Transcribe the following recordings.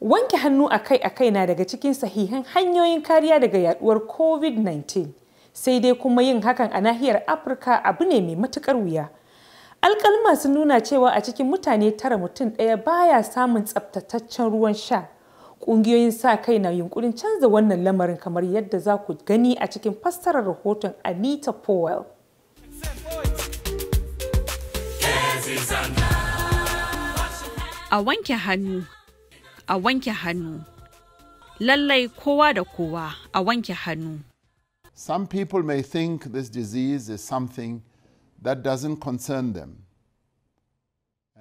Wanke hannu akai-akai na daga cikin sahihan hanyoyin kariya daga yaduwar COVID-19. Sai dai kuma yin hakan a nahiyar Afirka abu ne mai matukar wuya. Alkalma sun nuna cewa a cikin mutane tara mutum ɗaya baya samun tsaftataccen ruwan sha. Ƙungiyoyin sa kai na yunkurin canza wannan lamarin kamar yadda za ku gani a cikin fassarar rahoton Anita Powell. A wanke hannu a wanke hannu. Lallai kowa da kowa a wanke hannu. Some people may think this disease is something that doesn't concern them.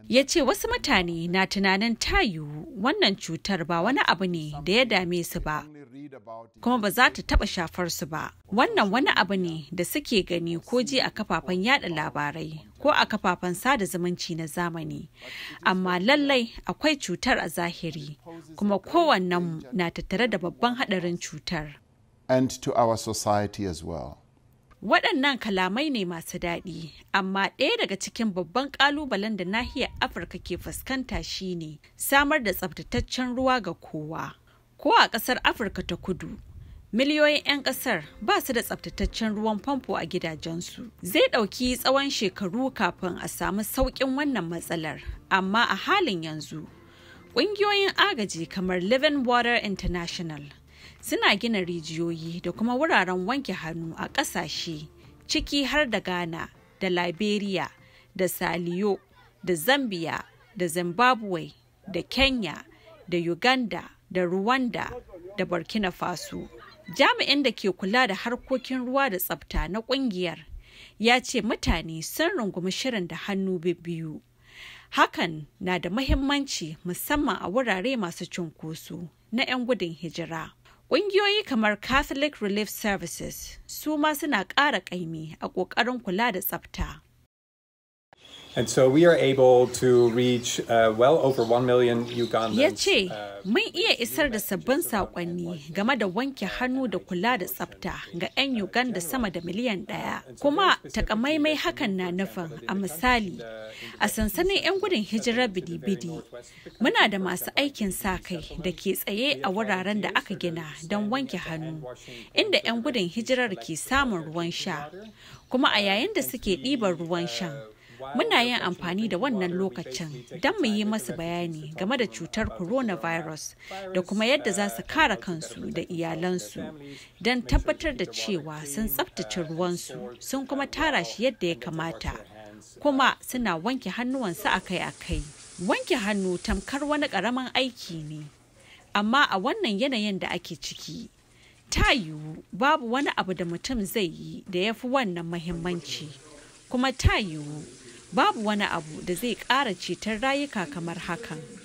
Ya ce wasu mutane na tunanin tayu wannan cutar ba wani abu ne da ya dame su ba, kuma ba za ta taɓa shafar su ba. Wannan wani abu ne da suke gani ko ji a kafafen yada labarai ko a kafafen sada zumunci na zamani. Amma lallai akwai cutar a zahiri, kuma kowannen na tattare da babban haɗarin cutar. And to Waɗannan kalamai ne masu daɗi, amma ɗaya daga cikin babban ƙalubalen da nahiyar Afirka ke fuskanta shine samar da tsabtataccen ruwa ga kowa. ko a ƙasar afirka ta kudu miliyoyin 'yan ƙasar ba su da tsabtataccen ruwan famfo a gidajensu zai ɗauki tsawon shekaru kafin a samu sauƙin wannan matsalar amma a halin yanzu ƙungiyoyin agaji kamar living water international suna gina rijiyoyi da kuma wuraren wanke hannu a ƙasashe ciki har da ghana da liberia da saliyo da zambia da zimbabwe da kenya da uganda da Rwanda da Burkina Faso. Jami'in da ke kula da harkokin ruwa da tsafta na kungiyar ya ce mutane sun rungumi shirin da hannu biyu. Hakan na da mahimmanci musamman a wurare masu cunkoso na 'yan gudun hijira. Ƙungiyoyi kamar Catholic Relief Services su ma suna ƙara ƙaimi a ƙoƙarin kula da tsafta. So we are able to reach uh, over 1 million Ugandans. Ya ce, uh, mun iya isar da sabbin saƙonni game da wanke hannu da kula da tsafta ga 'yan Uganda sama da miliyan ɗaya. Kuma takamaimai hakan na nufin a misali, a sansanin 'yan gudun hijirar bidi-bidi, muna da masu aikin sa kai da ke tsaye a wuraren da aka gina don wanke hannu, inda 'yan gudun hijirar ke samun ruwan sha, kuma a yayin da suke ɗiban ruwan shan. Muna yin amfani da wannan lokacin don mu yi masu bayani game da cutar coronavirus da kuma yadda za su kare kansu da iyalansu don tabbatar da cewa sun tsabtace ruwansu sun kuma tara shi yadda ya kamata kuma suna wanke hannuwansu akai-akai. Wanke hannu tamkar wani ƙaramin aiki ne, amma a wannan yanayin da ake ciki. ta yiwu babu wani abu da mutum zai yi da ya fi wannan mahimmanci kuma ta yiwu babu wani abu da zai ƙara cetar rayuka kamar hakan.